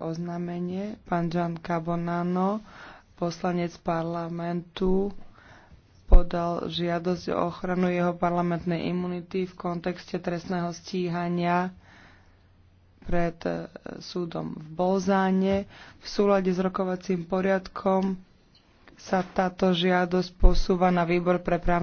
oznámenie. Pán Gian Cabonano, poslanec parlamentu, podal žiadosť o ochranu jeho parlamentnej imunity v kontexte trestného stíhania pred e, súdom v Bolzáne. V súlade s rokovacím poriadkom sa táto žiadosť posúva na výbor pre právne